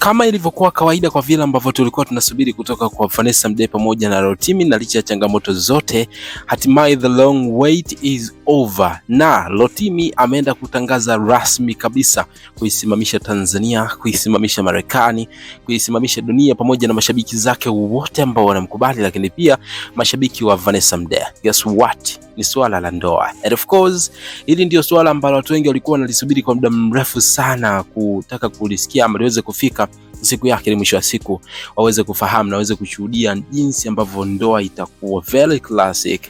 Kama ilivyokuwa kawaida kwa vile ambavyo tulikuwa tunasubiri kutoka kwa Vanessa Mdee pamoja na Rotimi, na licha ya changamoto zote, hatimaye the long wait is over, na Rotimi ameenda kutangaza rasmi kabisa kuisimamisha Tanzania, kuisimamisha Marekani, kuisimamisha dunia pamoja na mashabiki zake wote ambao wanamkubali, lakini pia mashabiki wa Vanessa Mdee. Guess what? ni swala la ndoa. And of course, hili ndio swala ambalo watu wengi walikuwa wanalisubiri kwa muda mrefu sana kutaka kulisikia ama liweze kufika siku yake, ili mwisho wa siku waweze kufahamu na waweze kushuhudia jinsi ambavyo ndoa itakuwa very classic,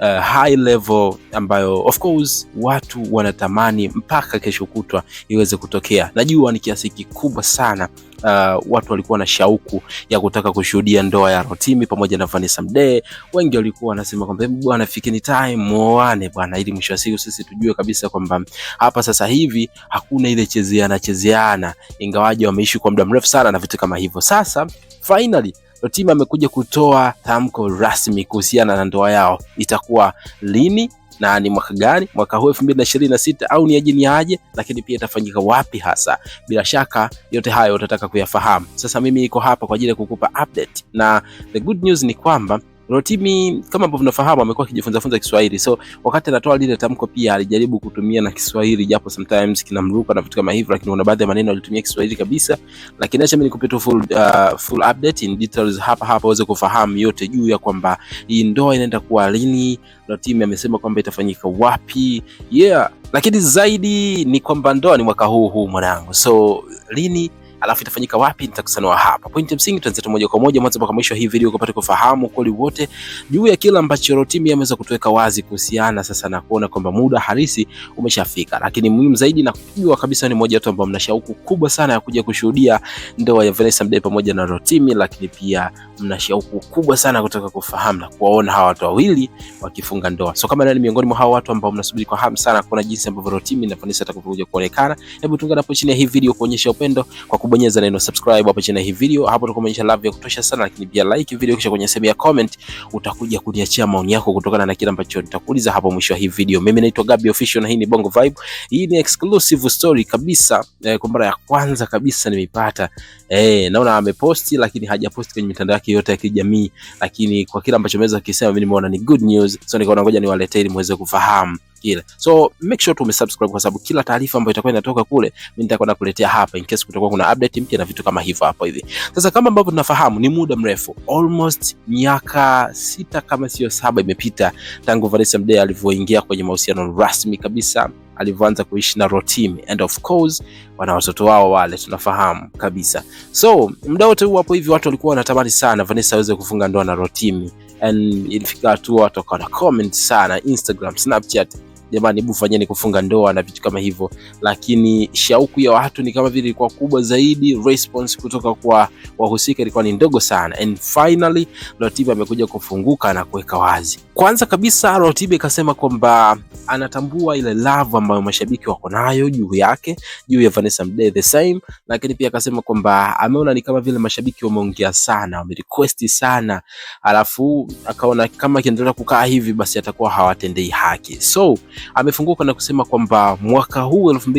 uh, high level ambayo of course watu wanatamani mpaka kesho kutwa iweze kutokea. Najua ni kiasi kikubwa sana uh, watu walikuwa na shauku ya kutaka kushuhudia ndoa ya Rotimi pamoja na Vanessa Mdee. Wengi walikuwa wanasema kwamba bwana, fikini time muoane bwana, ili mwisho wa siku sisi tujue kabisa kwamba hapa sasa hivi hakuna ile chezeana chezeana, ingawaje wameishi kwa muda mrefu sana na vitu kama hivyo. Sasa finally Rotimi amekuja kutoa tamko rasmi kuhusiana na ndoa yao. Itakuwa lini? na ni mwaka gani? Mwaka huu 2026 au ni ajili aje? Lakini pia itafanyika wapi hasa? Bila shaka yote hayo utataka kuyafahamu. Sasa mimi niko hapa kwa ajili ya kukupa update, na the good news ni kwamba Rotimi kama ambavyo tunafahamu amekuwa akijifunza funza Kiswahili. So wakati anatoa lile tamko pia alijaribu kutumia na Kiswahili japo sometimes kinamruka na vitu kama hivyo, lakini kuna baadhi ya maneno alitumia Kiswahili kabisa. Lakini acha mimi nikupe tu full uh, full update in details hapa hapa uweze kufahamu yote juu ya kwamba hii ndoa inaenda kuwa lini. Rotimi amesema kwamba itafanyika wapi. Yeah, lakini zaidi ni kwamba ndoa ni mwaka huu huu mwanangu. So lini alafu itafanyika wapi, nitakusanua hapa. Pointi msingi tuanzia moja kwa moja mwanzo mpaka mwisho hii video kupata kufahamu kweli wote juu ya kila ambacho timu imeweza kutuweka wazi kuhusiana sasa na kuona kwamba muda halisi umeshafika, lakini muhimu zaidi na kujua kabisa ni moja watu ambao mna shauku kubwa sana ya kuja kushuhudia ndoa ya Vanessa Mdee pamoja na Rotimi, lakini pia mna shauku kubwa sana kutaka kufahamu na kuwaona hawa watu wawili wakifunga ndoa. So kama nani miongoni mwa hawa watu ambao mnasubiri kwa hamu sana kuona jinsi ambavyo Rotimi na Vanessa atakavyokuja kuonekana, hebu tungana hapo chini ya hii video kuonyesha upendo kwa kubonyeza neno subscribe hapo chini ya hii video. Hapo tutakuonyesha love ya kutosha sana, lakini pia like video, kisha kwenye sehemu ya comment utakuja kuniachia maoni yako kutokana na kile ambacho nitakuuliza hapo mwisho wa hii video. Mimi naitwa Gabby Official na hii ni Bongo Vibe. Hii ni exclusive story kabisa, eh, kwa mara ya kwanza kabisa nimeipata. Eh, naona ameposti lakini hajaposti kwenye mitandao yake yote ya kijamii, lakini kwa kile ambacho ameweza kusema mimi nimeona ni good news, so nikaona ngoja niwaletee ili muweze kufahamu kile. So make sure tu umesubscribe kwa sababu kila taarifa ambayo itakuwa inatoka kule mimi nitakwenda kuletea hapa in case kutakuwa kuna update mpya na vitu kama hivyo hapo hivi. Sasa kama ambavyo tunafahamu ni muda mrefu, almost miaka sita kama sio saba imepita tangu Vanessa Mdee alivyoingia kwenye mahusiano rasmi kabisa alivyoanza kuishi na Rotim and of course wana watoto wao wale tunafahamu kabisa. So muda wote huo hapo hivi watu walikuwa wanatamani sana Vanessa aweze kufunga ndoa na Rotim and ilifika hatua na comment sana Instagram, Snapchat jamani, hebu fanyeni kufunga ndoa na vitu kama hivyo, lakini shauku ya watu ni kama vile ilikuwa kubwa zaidi, response kutoka kwa wahusika ilikuwa ni ndogo sana, and finally Latiba amekuja kufunguka na kuweka wazi. Kwanza kabisa Latiba ikasema kwamba anatambua ile love ambayo mashabiki wako nayo juu yake, juu ya Vanessa Mdee the same, lakini pia akasema kwamba ameona ni kama vile mashabiki wameongea sana, wamerequest sana, alafu akaona kama akiendelea kukaa hivi basi atakuwa hawatendei haki so amefunguka na kusema kwamba mwaka huu elfu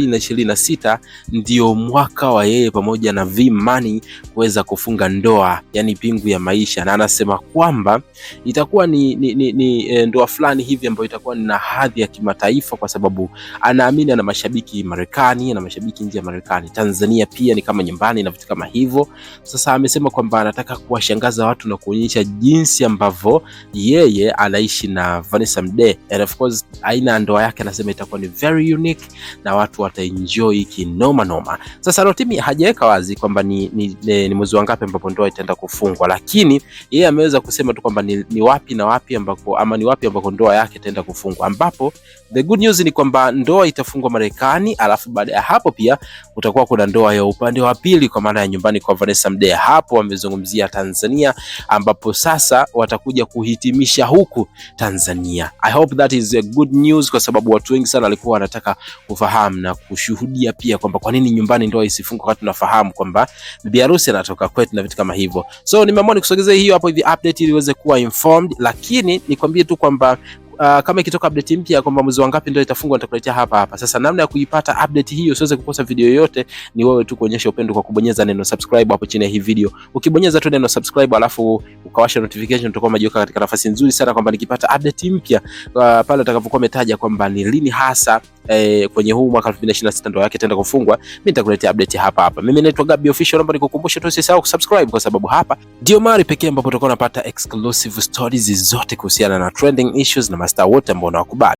na sita ndio mwaka wa yeye pamoja na V Money kuweza kufunga ndoa, yani pingu ya maisha, na anasema kwamba itakuwa ni, ni, ni, ni e, ndoa fulani hivi ambayo itakuwa na hadhi ya kimataifa, kwa sababu anaamini ana mashabiki Marekani, ana mashabiki nje ya Marekani, Tanzania pia ni kama nyumbani na vitu kama hivyo. Sasa amesema kwamba anataka kuwashangaza watu na kuonyesha jinsi ambavyo yeye anaishi na Vanessa Mdee, and of course aina ndoa yake anasema itakuwa ni very unique na watu wataenjoy kinoma noma. Sasa Rotimi hajaweka wazi kwamba ni, ni, ni, ni mwezi wangapi ambapo ndoa itaenda kufungwa, lakini yeye ameweza kusema tu kwamba ni, ni wapi na wapi ambako ama ni wapi ambako ndoa yake itaenda kufungwa, ambapo the good news ni kwamba ndoa itafungwa Marekani, alafu baada ya hapo pia utakuwa kuna ndoa ya upande wa pili kwa maana ya nyumbani kwa Vanessa Mdee. Hapo amezungumzia Tanzania, ambapo sasa watakuja kuhitimisha huku Tanzania. I hope that is a good news kwa sababu watu wengi sana walikuwa wanataka kufahamu na kushuhudia pia kwamba kwa nini nyumbani ndoa isifungwe wakati tunafahamu kwamba bibi harusi anatoka kwetu na vitu kama hivyo. So nimeamua nikusogezee hiyo hapo hivi update ili uweze kuwa informed, lakini nikwambie tu kwamba uh, kama ikitoka update mpya kwamba mwezi wangapi ndio itafungwa nitakuletea hapa hapa. Sasa namna ya kuipata update hiyo usiweze kukosa video yoyote ni wewe tu kuonyesha upendo kwa kubonyeza neno subscribe hapo chini ya hii video. Ukibonyeza tu neno subscribe alafu ukawasha notification, utakuwa umejiweka katika nafasi nzuri sana kwamba nikipata update mpya uh, pale utakapokuwa umetaja kwamba ni lini hasa eh, kwenye huu mwaka 2026 ndio yake tenda kufungwa. Mimi nitakuletea update hapa hapa. Mimi naitwa Gabby Official, naomba nikukumbushe tu usisahau kusubscribe kwa sababu hapa ndio mahali pekee ambapo utakuwa unapata exclusive stories zote kuhusiana na trending issues na mastaa wote ambao unawakubali.